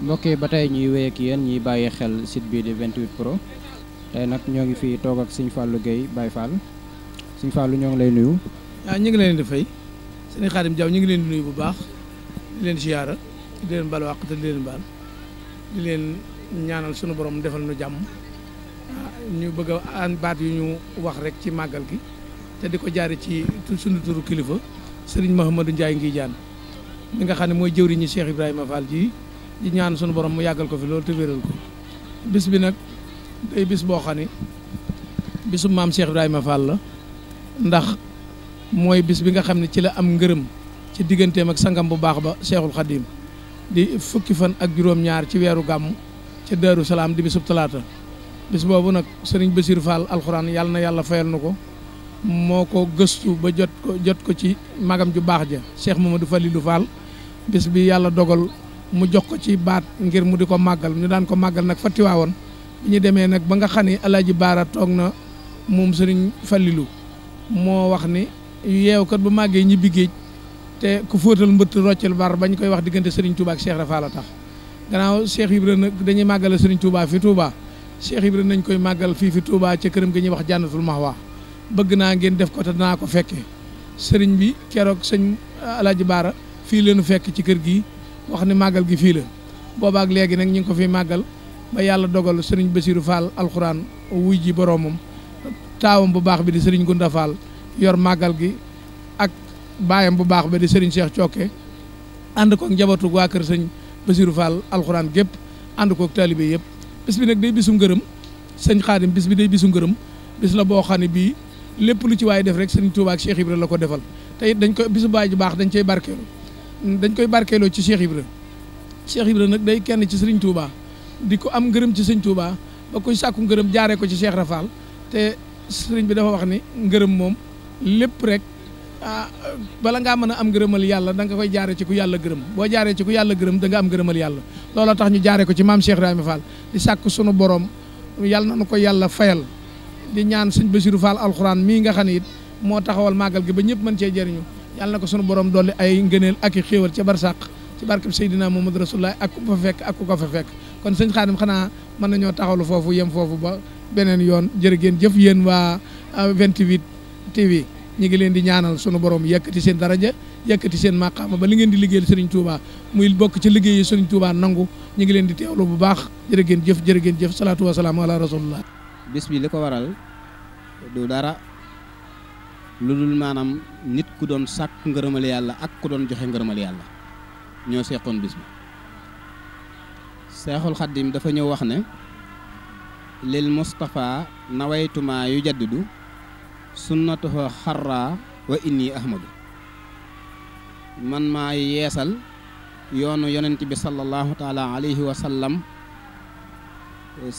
mbokk yi ba tey ñuy wéy ak yéen ñuy bàyyee xel site bii di 28 pro tey nag ñoo ngi fii toog ak Serigne Fallou Gueye Baye Fall Serigne Fallou ñoo ngi lay nuyu. ah ñu ngi leen di fay Serigne Khadim Diaw ñu ngi leen di nuyu bu baax di leen wàq te di ñaanal sunu borom defal nu jàmm ah, ñu bëgg a an baat yu ñu wax rek ci màggal gi te di ko jaare ci sunu turu kilifa Serigne Mouhamadou Ndiaye ngi jaan mi nga xam ne mooy jëwriñu Cheikh Ibrahima Fall ji. di ñaan sunu borom mu yàggal ko fi loolu te wéral ko bis bi nag day bis boo xam ne bisu maam Cheikh Ibrahima Fall la ndax mooy bis bi nga xam ne ci la am ngërëm ci digganteem ak sangam bu baax ba Cheikhul Khadim di fukki fan ak juróom-ñaar ci weeru gàmm ca Daaru Salaam di bisub talaata bis boobu nag sëriñ Basiir Fall alxuraan yàlla na yàlla fayal na ko moo ko gëstu ba jot ko jot ko ci magam ju baax ja Cheikh Mamadou Falilou Fall bis bi yàlla dogal mu jox ko ci baat ngir mu di ko màggal ñu daan ko màggal nag fa Tiwaawoon bi ñu demee nag ba nga xam ne Alaaji Baara toog na moom Sëriñ Fallilu moo wax ni yeew kat bu màggee ñibbi géej te ku fóotal mbëtt roccel bar bañ koy wax diggante Sëriñ Touba ak Cheikh Rafa la tax gannaaw Cheikh Ibra nag dañuy màggale Sëriñ Touba fi Touba Cheikh Ibra nañ koy màggal fii fi Touba ca këram gi ñuy wax Jannatul Mahwa bëgg naa ngeen def ko te danaa ko fekke sëriñ bi keroog sëñ Alaaji Baara fii leenu fekk ci kër gi wax ni màggal gi fii la boobaak léegi nag ñu ngi ko fi màggal ba yàlla dogal sëriñ Basiru Fall alxuraan wuy ji boroomam taawam bu baax bi di sëriñ Gunda Fall yor màggal gi ak baayam bu baax bi di sëriñ Cheikh Cokke ànd koog njabootu waa kër sëñ Basiru Fall alxuraan gépp ànd koog taalibe yëpp bis bi nag day bisu ngërëm sëñ Xaadim bis bi day bisu ngërëm bis la boo xam ne bii lépp lu ci waay def rek sëriñ Tuubaa ak Cheikh Ibra la ko defal te it dañ ko bisu baay ju baax dañ cey barkeelu dañ koy barkeeloo ci Cheikh Ibra Cheikh Ibra nag day kenn ci sëriñ Touba di ko am ngërëm ci sëñ tuubaa ba koy sàkku ngërëm jaaree ko ci Cheikh Rafal te sëriñ bi dafa wax ni ngërëm moom lépp rek ah bala ngaa mën a am ngërëmal yàlla da nga koy jaaree ci ku yàlla gërëm boo jaaree ci ku yàlla gërëm da am ngërëmal yàlla looloo tax ñu jaaree ko ci maam Cheikh Ibrahima Fall di sàkk sunu borom yàlla na nañu ko yàlla fayal di ñaan Serigne Bassirou Fall alxuraan mii nga xam ne it moo taxawal màggal gi ba ñëpp mën cee jëriñu yàlla na ko sunu borom dolli ay ngëneel ak i xéewal ca barsàq ci barkeb Seydina Muhammad Rasulullah ak ku fa fekk ak ku ko fa fekk kon sëñ Xaadim xanaa mën nañoo taxawlu foofu yem foofu ba beneen yoon jërë ngeen jëf yéen waa 28 TV ñu ngi leen di ñaanal sunu borom yëkkati seen daraja yëkkati seen maqaama ba li ngeen di liggéeyal Serigne Touba muy bokk ci liggéeyi Serigne Touba nangu ñu ngi leen di teewlu bu baax jërë ngeen jëf jërë ngeen jëf salaatu wa salaam ala rasulullah bi li ko waral du lu dul maanaam nit ku doon sàkk ngërëmal yàlla ak ku doon joxe ngërëmal yàlla ñoo seqoon bis bi seexul xaddim dafa ñëw wax ne lil mustapha nawaytumaa yu jaddidu sunnatuhu xarra wa inni ahmadu man maa yeesal yoonu yonent bi sallallahu taala alayhi wa sallam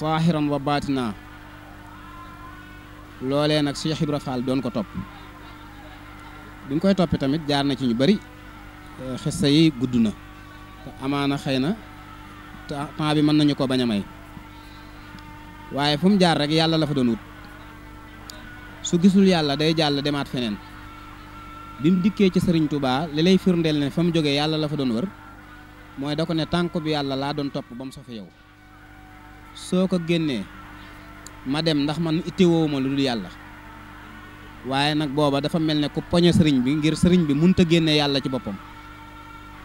saahiran wa baatinaa loolee nag Cheikh Ibra Fall doon ko topp bi ñu koy toppee tamit jaar na ci ñu bari euh, xista yi gudd na te amaana xëy na temps bi mën nañu ko bañ a may waaye fu mu jaar rek yàlla la fa doon wut su gisul yàlla day jàll demaat feneen bi mu dikkee ci sëriñ Touba li lay firndeel ne fa mu jógee yàlla la fa doon wër mooy da ko ne tànk bi yàlla laa doon topp ba mu sofe yow soo ko génnee ma dem ndax man itteewoo ma lu dul yàlla waaye nag booba dafa mel ne ku poñe sëriñ bi ngir sëriñ bi munta génne yàlla ci boppam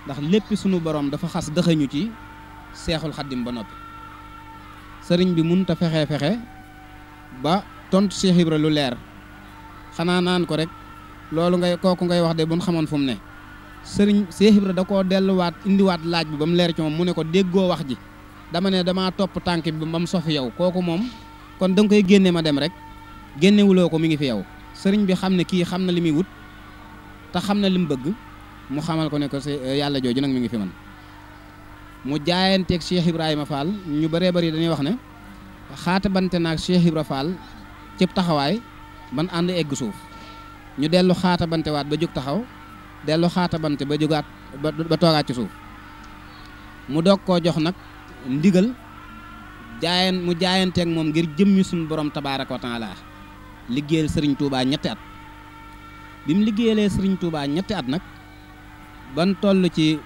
ndax lépp sunu boroom dafa xas dëxañu ci seexul xaddim ba noppi sëriñ bi munta fexee fexe ba tontu Cheikh Ibra lu leer xanaa naan ko rek loolu ngay kooku ngay wax de bu ñu xamoon fu ne sëriñ Cheikh Ibra da koo delluwaat indiwaat laaj bi ba mu leer ci moom mu ne ko déggoo wax ji dama ne damaa topp tànk bi ba mu sofi yow kooku moom kon da koy génne ma dem rek génnewuloo ko mi ngi fi yow. sëriñ bi xam ne kii xam na li muy wut te xam na li mu bëgg mu xamal ko ne ko eh, yàlla jooju nag mi ngi fi man mu jaayanteeg Cheikh Ibrahima Fall ñu bëree bëri dañuy wax ne xaata bante naag Cheikh Ibrahima Fall taxawaay ban ànd egg suuf ñu dellu xaata bante waat ba jóg taxaw dellu xaata bante ba jógaat ba toogaat ci suuf mu doog koo jox nag ndigal jaayan mu jaayanteeg moom ngir jëmmi suñu borom tabaaraka wa taala liggéeyal sëriñ Touba ñetti at bi mu liggéeyalee sëriñ Touba ñetti at nag ban toll ci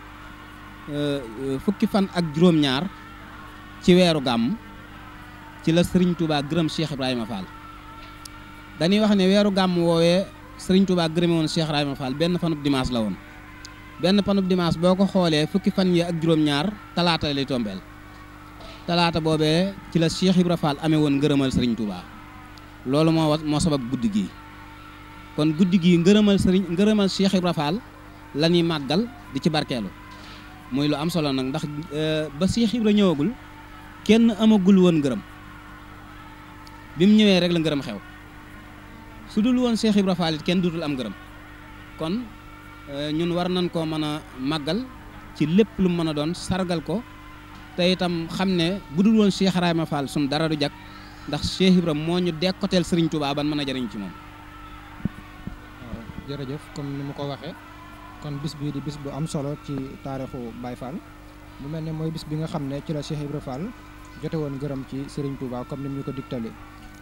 euh, euh, fukki fan ak juróom-ñaar ci weeru gàmm ci la sëriñ Touba gërëm Cheikh Ibrahima Fall dañuy wax ne weeru gàmm woowee sëriñ Touba gërëme woon Cheikh Ibrahima Fall benn fanub dimanche la woon benn fanub dimanche boo ko xoolee fukki fan yi ak juróom-ñaar talaata lay tombeel talaata boobee ci la Cheikh Ibrahima Fall amee woon ngërëmal sëriñ Touba. loolu moo wa moo sabab guddi gii kon guddi gii ngërëmal sëriñ ngërëmal Cheikh Ibra Fall la màggal di ci barkeelu muy lu am solo nag ndax e, ba Cheikh Ibra ñëwagul kenn amagul woon ngërëm bi mu ñëwee rek la ngërëm su dul woon Cheikh Ibra kenn dutul am ngërëm kon e, ñun war nañ koo mën a màggal ci lépp lu mën a doon sargal ko te itam xam ne bu woon Cheikh Rahima Fall dara du jag ndax Cheikh Ibrahima moo ñu dekkoteel Serigne Touba ban mën a jariñ ci moom. waaw jërëjëf comme ni mu ko waxee kon bis bii di bis bu am solo ci taarixu Baye Fall mu mel ne mooy bis bi nga xam ne ci la Cheikh Ibrahima Fall jote woon gërëm ci Serigne Touba comme ni mu ñu ko digtale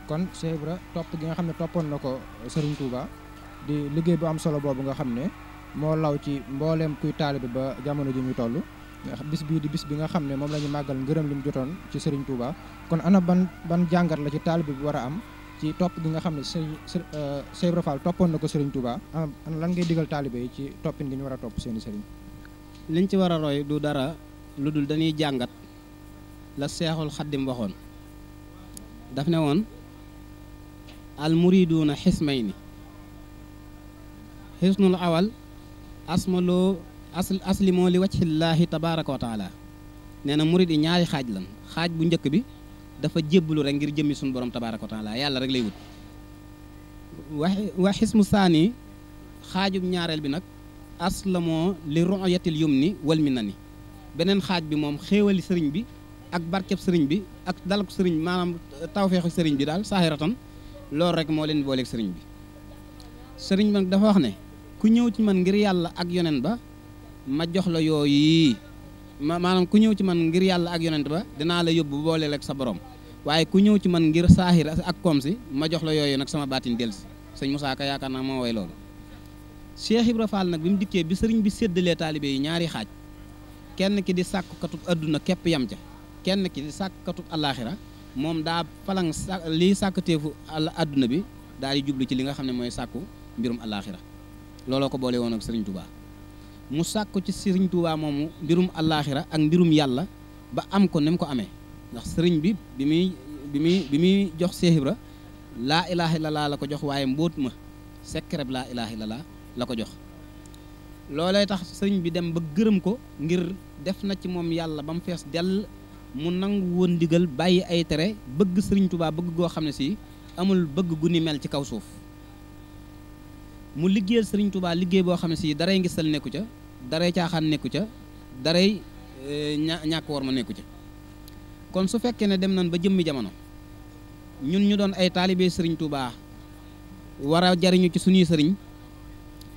kon Cheikh Ibrahima topp gi nga xam ne toppoon na ko Serigne Touba di liggéey bu am solo boobu nga xam ne moo law ci mbooleem kuy taalibe ba jamono ji muy toll. bis bii di bis bi nga xam ne moom la ñu màggal ngërëm li mu jotoon ci Serigne Touba kon ana ban ban jàngat la ci taalibe bi war am ci topp gi nga xam ne Serigne Cheikh Ibra toppoon na ko Serigne Touba ana lan ngay digal taalibe yi ci toppin gi ñu war a topp seeni Serigne. liñ ci war a roy du dara lu dul dañuy jàngat la Seexul Xaddim waxoon daf ne woon al muriduuna xismayni xisnul awal asmaloo as aslimoo li wajhillaahi tabaaraka wa taala nee na murid yi ñaari xaaj lan xaaj bu njëkk bi dafa jébbalu rek ngir jëmmi suñu borom tabaaraka wa taala yàlla rek lay wut wax wax xismu saani xaajub ñaareel bi nag aslamoo li ru'yatil yumni wal ni beneen xaaj bi moom xéewali sëriñ bi ak barkeb sëriñ bi ak dalak sëriñ maanaam tawfeexu sëriñ bi daal saahiratan loolu rek moo leen booleeg sëriñ bi sëriñ bi nag dafa wax ne ku ñëw ci man ngir yàlla ak yonen ba ma jox la yooyu yii ma maanaam ku ñëw ci man ngir yàlla ak yonent ba dinaa la yóbbu booleel ak sa borom waaye ku ñëw ci man ngir saaxir ak koom si ma jox la yooyu nag sama baatin del si sëñ Moussa Ka yaakaar naa Cheikh Ibra Fall nag bi mu dikkee bi sëriñ bi séddalee taalibe ñaari xaaj kenn ki di sàkkukatub adduna képp yam ca kenn ki di sàkkukatub moom daa falang sa liy sàkkateefu àdduna bi daal di jublu ci li nga xam ne mooy sàkku mbirum alaaxira looloo ko boole woon ak sëriñ tubaa mu sàkku ci sëriñ Tuubaa moomu mbirum allaaxira ak mbirum yàlla ba am ko ni mu ko amee ndax sëriñ bi bi muy bi muy bi muy jox Seex Ibra laa ilaaha illallaah la ko jox waaye mbóot ma sekkereb laa ilaaha illallaah la ko jox loolee tax sëriñ bi dem ba gërëm ko ngir def na ci moom yàlla ba mu fees dell mu nangu woon ndigal bàyyi ay tere bëgg sëriñ Tuubaa bëgg goo xam ne si amul bëgg gu mel ci kaw suuf mu liggéeyal sëriñ Touba liggéey boo xam ne si daray ngistal nekku ca daray caaxaan nekku ca daray eh, ña ñàkk war ma nekku ca kon su fekkee ne dem nañ ba jëmmi jamono ñun ñu doon ay taalibe sëriñ Touba war jariñu ci suñuy sëriñ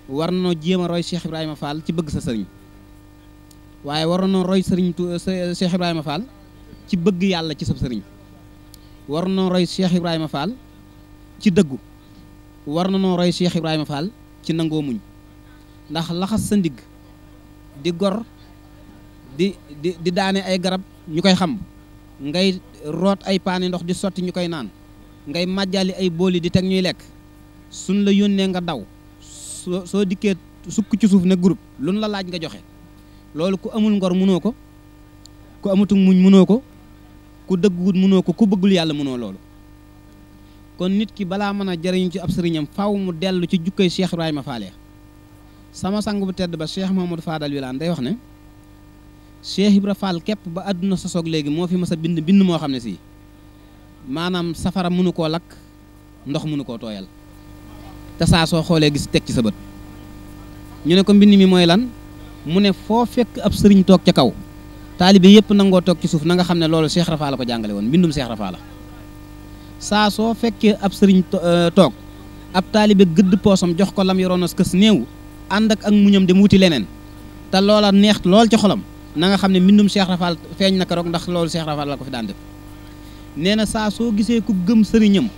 war noo jéem a roy Cheikh Ibrahima Fall ci bëgg sa sëriñ waaye war nañoo roy sëriñ Cheikh Ibrahima Fall ci bëgg yàlla ci sa sëriñ war nañoo roy Cheikh Ibrahima Fall ci dëggu war na noo roy Cheikh Ibrahima Fall ci nangoo muñ ndax laxas sa ndigg di gor di di daane ay garab ñu koy xam ngay root ay paani ndox di sotti ñu koy naan ngay màjjali ay booli di teg ñuy lekk suñ la yónnee nga daw soo soo dikkee sukk ci suuf ne groupe luñ la laaj nga joxe loolu ku amul ngor mënoo ko ku amatul muñ mënoo ko ku dëggut mënoo ko ku bëggul yàlla mënoo loolu kon nit ki balaa mën a jariñu ci ab sëriñam faw mu dellu ci jukkay Cheikh Ibrahima Faale sama sang bu tedd ba Cheikh Mamadou Fadal Wilane day wax ne Cheikh Ibra Fall képp ba àdduna sosoog léegi moo fi mas a bind bind moo xam ne sii maanaam safara mënu koo lakk ndox mënu koo tooyal te saa soo xoolee gis teg ci sa bët ñu ne ko mbind mi mooy lan mu ne foo fekk ab sëriñ toog ca kaw taalibe yépp nangoo toog ci suuf na nga xam ne loolu Cheikh Rafa la ko jàngale woon mbindum Cheikh saa soo fekkee ab sëriñ euh, toog ab taalibe gëdd poosam jox ko lam yoroon as kës néew ànd ak ak muñam dem wuti leneen te loola neex lool ci xolam na nga xam ne mbindum Cheikh Rafal feeñ na keroog ndax loolu Cheikh Rafal la ko fi daan def nee na saa soo gisee ku gëm sëriñam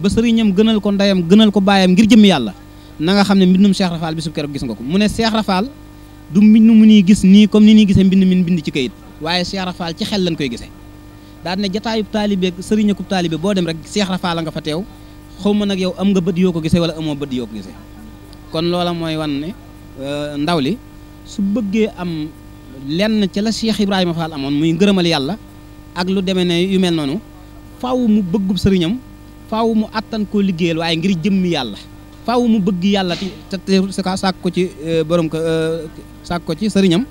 ba sëriñam gënal ko ndeyam gënal ko baayam ngir jëm yàlla na nga xam ne mbindum Cheikh Rafal bisu keroog gis nga ko mu ne Cheikh Rafal du mbind mu ñuy gis nii comme ni ñuy gisee mbind min bind ci kayit waaye Cheikh ci xel lañ koy gisee daal ne jataayub taalibe sëriñakub taalibe boo dem rek seex rafaala nga fa teew xaw ma nag yow am nga bët yoo ko gisee wala amoo bët yoo ko gisee kon loola mooy wan ne euh, ndaw li su bëggee am lenn ci la Cheikh Ibrahima Fall amoon muy ngërëmal yàlla ak lu demee ne yu mel noonu faw mu bëggub sëriñam faw mu attan koo liggéeyal waaye ngir jëm yàlla faw mu bëgg yàlla te sàkk ko ci euh, borom ko euh, sàkk ko ci sëriñam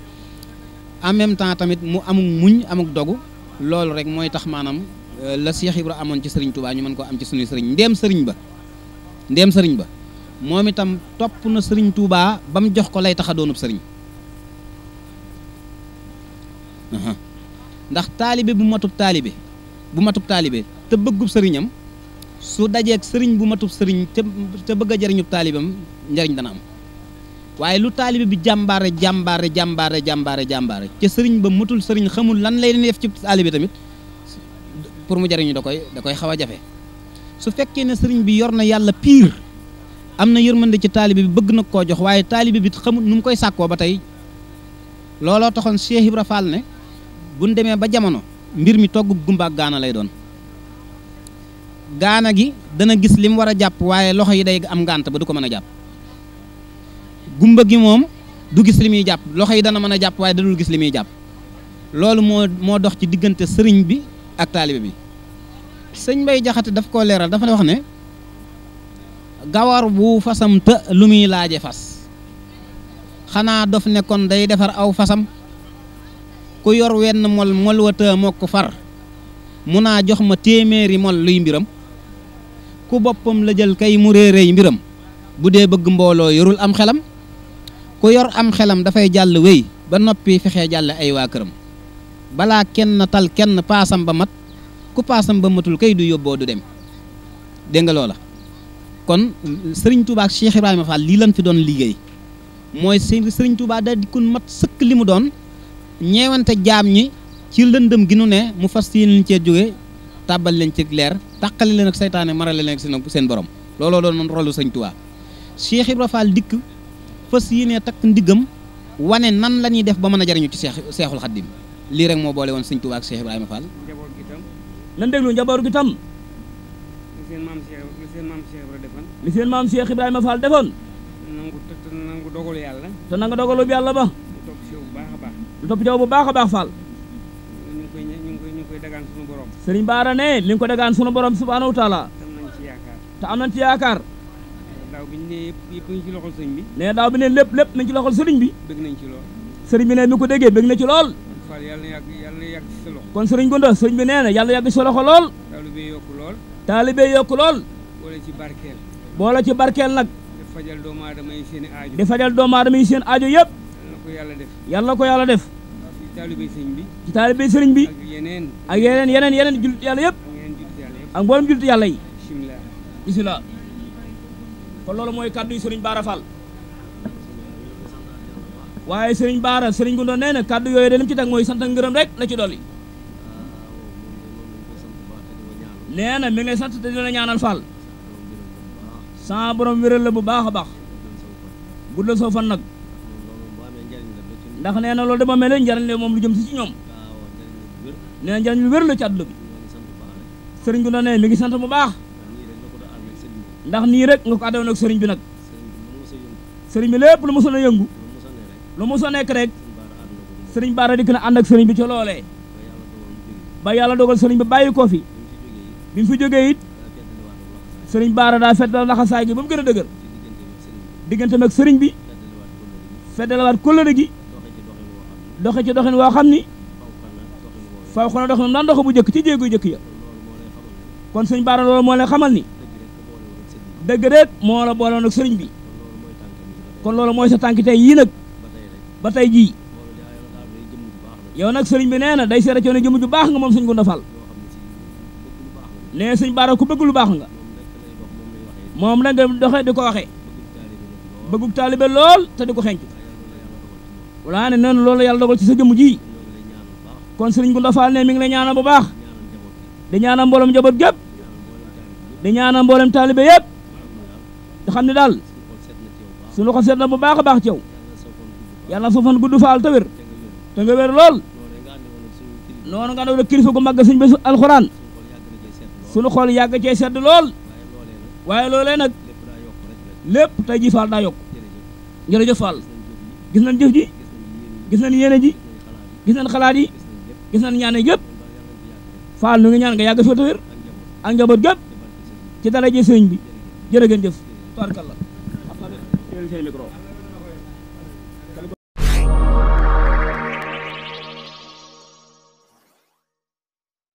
en même temps tamit mu amuk muñ amuk dogu loolu rek mooy tax maanaam euh, la Cheikh Ibra amoon ci sëriñ Touba ñu mën koo am ci suñu sëriñ ndéem sëriñ ba ndéem sëriñ ba moom itam topp na sëriñ tuubaa ba mu jox ko lay tax a doonub sëriñ ndax taalibe bu matub taalibe bu matub taalibe te bëggub sëriñam su dajeeg sëriñ bu matub sëriñ te te bëgg a jariñub taalibam njariñ dana am waaye lu taalibe bi jàmbaare jàmbaare jàmbaare jàmbaare jàmbaare ca sëriñ ba mu matul sëriñ xamul lan lay leen def ci taalibe tamit pour mu jariñu da koy da koy xaw a jafe su fekkee ne sëriñ bi yor na yàlla piir am na yërmande ci taalibe bi bëgg na koo jox waaye taalibe bi xamul nu mu koy sàkkoo ba tey looloo taxoon Cheikh Ibra Fall ne buñ demee ba jamono mbir mi togg gumba gaana lay doon gaana gi dana gis li mu war a jàpp waaye loxo yi day am ngànt ba du ko mën a jàpp gumba gi moom du gis li muy jàpp loxo yi dana mën a jàpp waaye dadul gis li muy jàpp loolu moo moo dox ci diggante sëriñ bi ak taalibe bi sëñ bay Jaxate daf koo leeral dafa wax ne gawar bu fasam të lu muy laaje fas xanaa dof ne kon day defar aw fasam ku yor wenn mol mol mokk far mun naa jox ma téeméeri mol luy mbiram ku boppam la jël kay mu réeréy mbiram bu dee bëgg mbooloo yorul am xelam ku yor am xelam dafay jàll wéy ba noppi fexee jàll ay waa këram balaa kenn tal kenn paasam ba mat ku paasam ba matul kay du yóbboo du dem dégg nga loola kon sëriñ Touba ak Cheikh Ibrahima lii lan fi doon liggéey mooy sëriñ Touba daal di kun mat sëkk li mu doon ñeewante jaam ñi ci lëndëm gi nu ne mu fas yéene cee jóge tàbbal leen ci leer tàqali leen ak seytaane marale leen ak seen borom looloo doon noonu rolu sëriñ Touba Cheikh dikk fas yéene takk ndiggam wane nan la ñuy def ba mën a jariñu ci seex seexul xaddim lii rek moo boole woon sëñ Tuubaa ak Cheikh Ibrahima Fall. njaboot gi tam. lan déglu njaboot gi tam. li seen maam Cheikh li seen maam Cheikh Ibrahima defoon. li seen maam Cheikh Ibrahima Fall defoon. nangu te nangu dogalu yàlla. te nangu dogalu yàlla ba. lu topp ci bu baax a baax. lu topp ci bu baax baax Fall. ñu ngi ñu ngi koy ñu ngi koy dagaan sunu borom. Serigne Bara ne li nga ko dagaan sunu borom subhaanahu wa taala. te am nañ ci ci yaakaar. daaw bi ñu nee yëpp yëpp nañ ci loxol sëriñ bi nee daaw bi ne lépp lépp nañ ci loxol sëriñ bi bëgg nañ ci lool sëriñ bi ne mi ko déggee bëgg na ci lool Fall yàlla na yàgg yàlla na yàgg ci sa loxo kon sëriñ Gounda sëriñ bi nee na yàlla yàgg ci sa loxo lool taalibe yokku lool taalibe yokku lool boole ci barkeel boole nag di fajal doomu aadama yi seen aajo di fajal doomu aadama yi seen aajo yëpp yàlla ko yàlla def yàlla ko yàlla def ci taalibe sëriñ bi ci taalibe sëriñ bi ak yeneen yeneen yeneen jullit yàlla yëpp ak mboolem jullit yàlla yi bismillah kon mooy kàddu yi sëriñ Baara Fall waaye sëriñ Baara sëriñ Gundoo nee na kàddu yooyu de lim ci teg mooy sant ak ngërëm rek la ci dolli nee na mi sant te dina ñaanal Fall sa borom wéral la bu baax a baax guddal soo fan nag ndax nee na loolu dama mel ne njariñ la moom lu jëm si ci ñoom nee na lu wér la ci àdduna bi sëriñ Gundoo nee mi ngi sant bu baax. ndax nii rek nga ko àndoon sëriñ bi nag sëriñ bi lépp lu mosoon a yëngu lu mosoon nekk rek sëriñ baara dikk na ànd ak sëriñ bi ca loolee ba yàlla dogal sëriñ bi bàyyi ko fi bi mu fi jógee it sëriñ baara daa fedd laxasaay gi ba mu gën a dëgër diggante nag sëriñ bi feddalawaat kóllëre gi doxe ci doxin woo xam ni faw xona doxin daan doxe bu jëkk ci jéegu jëkk ya kon sëriñ baara loolu moo lay xamal ni dëgg déet moo la booloon ak sëriñ bi kon loolu mooy sa tànk tey yii nag ba tey jii yow nag sëriñ bi nee na day seera coo ne jëmm ju baax nga moom suñ Gunda Fall nee suñ baara ku bëgg lu baax nga moom la nga doxe di ko waxe bëggub taalibe lool te di ko xenc walaa ne noonu loolu yàlla dogal ci sa jëmm ji kon sëriñ Gunda Fall ne mi ngi lay bu baax di ñaanal mboolem njaboot gépp di ñaanal mboolem taalibe yëpp nga ne daal suñu ko seet na bu baax a baax ci yàlla sa fan gudd faal te wér te nga wér lool noonu nga ne kilifa gu màgg suñ bésu alxuraan suñu xool yàgg cee sedd lool waaye loolee nag lépp tey ji faal daa yokk jërëjëf faal gis nañ jëf ji gis nañ yéene ji gis nañ xalaat yi gis nañ ñaane gépp faal nu ngi ñaan nga yàgg fi te ak njaboot gépp ci dara ji sëñ bi jërë ngeen jëf tubaarkalla.